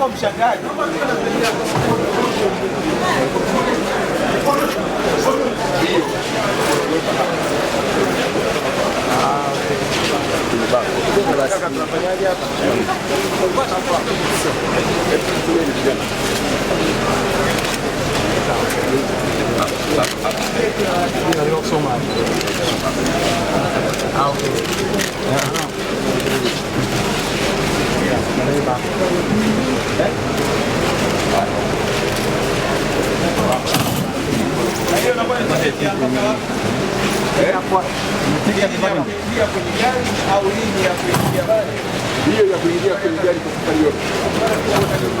Mshangaji. bang kelas Thank you. imewekwa kwenye gari au lini ya kuingia hiyo ya kuingia kwenye gari kwa safari yote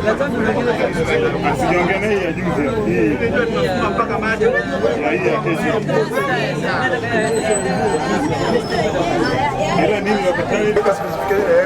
asijiongee na hii ya juzi hii ya hii ya kesho ila nini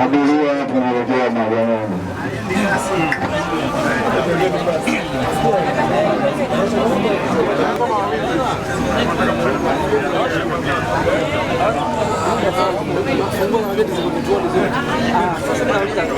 abiria tunarejea maganani Thank you.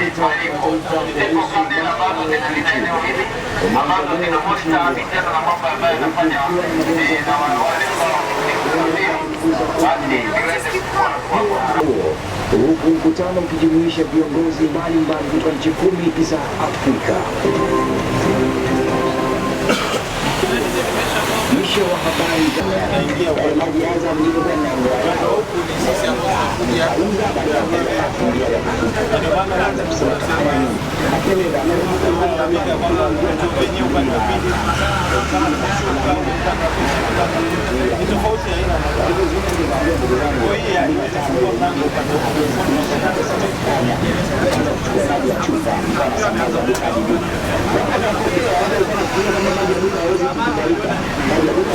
ambazo vitendo na mambo ambayo yanafanya na wale huku mkutano ukijumuisha viongozi mbalimbali kutoka nchi kumi za Afrika. Mwisho wa habari za majiaza mlivyokwenda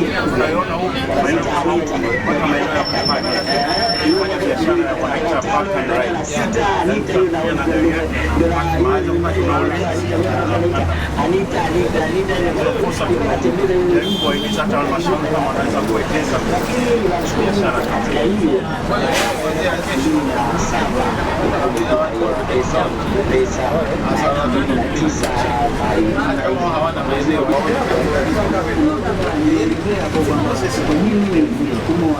tunayoona huku maeneo mazuri mpaka maeneo ya kupata kufanya biashara ya wanaita park and ride, utakuja na gari yake upate mahali upate nauli. Fursa jaribu kuwahimiza hata halmashauri kama wanaweza kuwekeza biashara katika hawana maeneo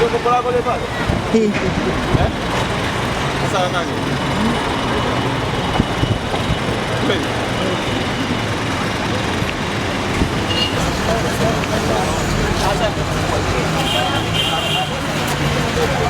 Sio kupora kule pale. Eh? Sasa nani? Kweli. Sasa